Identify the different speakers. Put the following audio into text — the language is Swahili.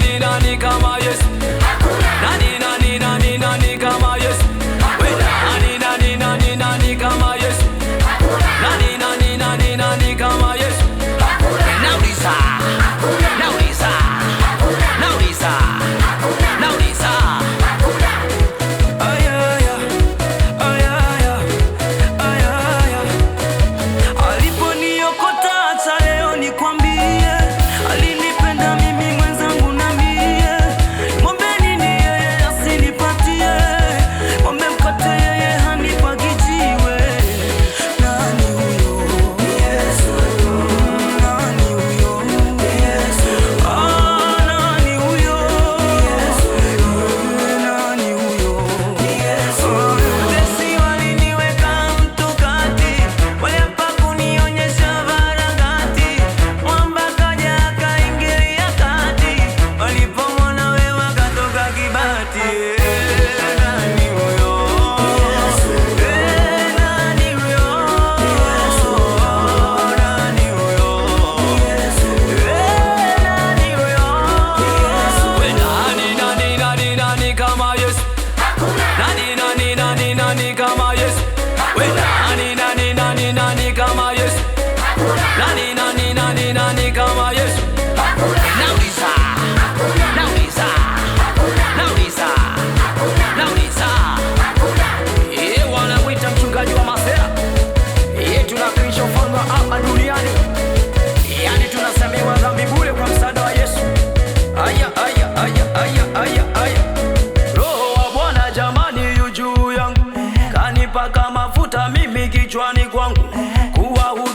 Speaker 1: Shining on kama Yesu? Hakuna. Nauliza. Hakuna. Nauliza. Hakuna. Nauliza. Hakuna. Nauliza. Ee Hakuna. Ee, Yeye yaani kwa msaada wa Yesu. Roho wa Bwana jamani yu yangu. Kanipa mafuta mimi kichwani kwangu. Kuwa huru